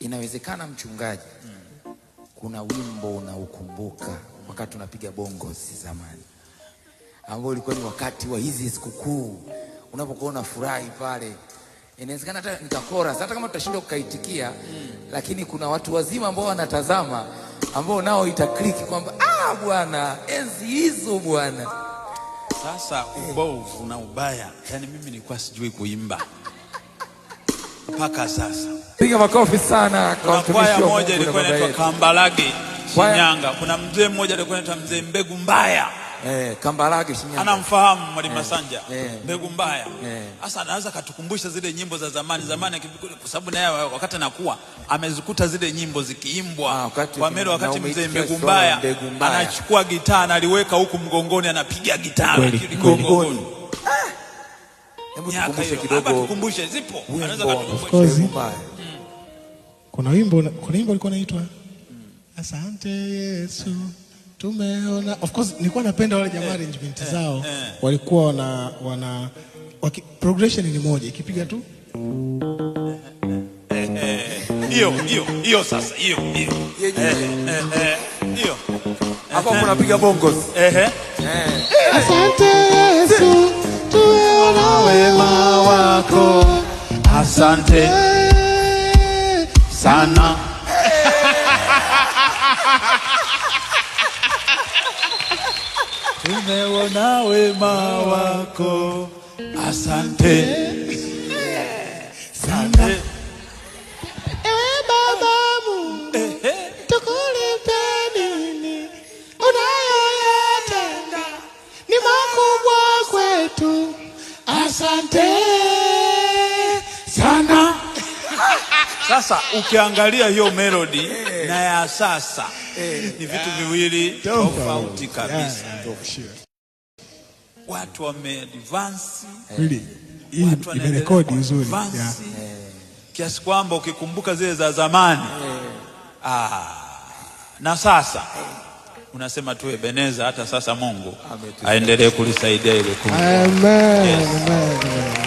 Inawezekana mchungaji, mm. kuna wimbo unaukumbuka wakati unapiga bongozi zamani, ambao ulikuwa ni wakati wa hizi sikukuu, unapokuwa unafurahi pale. Inawezekana hata nikakora, hata kama tutashindwa kukaitikia, mm. lakini kuna watu wazima ambao wanatazama, ambao nao itakliki kwamba ah, bwana enzi hizo bwana. Sasa ubovu na ubaya, yani mimi nilikuwa sijui kuimba mpaka sasa. Piga makofi sana kwa mtumishi. Kwaya moja ilikuwa inaitwa Kambalage Shinyanga. Kuna mzee mmoja alikuwa anaitwa mzee Mbegu Mbaya. Eh, Kambalage Shinyanga. Anamfahamu Mwalimu eh, Masanja. Eh, Mbegu Mbaya. Eh. Sasa anaweza katukumbusha zile nyimbo za zamani zamani, kwa sababu naye wakati anakuwa amezikuta zile nyimbo zikiimbwa ah, kwa melo, wakati mzee Mbegu Mbaya anachukua gitaa analiweka huku mgongoni, anapiga gitaa mgongoni kuna wimbo, kuna wimbo Asante Yesu tumeona. Of course nilikuwa napenda wale jamaa eh, arrangement eh, zao, eh. walikuwa wana wana progression ni moja, ikipiga tu hiyo hiyo hiyo, sasa hiyo hiyo hiyo hapo, kunapiga bongos. Asante Asante sana. Tumeona wema wako, asante sana. Ewe Baba tukulipe nini, unayoyatenda ni makubwa kwetu, asante Sasa ukiangalia hiyo melodi eh. na ya sasa eh. ni vitu viwili tofauti kabisa. Watu wame advance eh. imerekodi nzuri kiasi kwamba ukikumbuka zile za zamani ah, na sasa unasema tu Ebeneza, hata sasa Mungu aendelee kulisaidia ile kundi. Amen. Yes. Amen.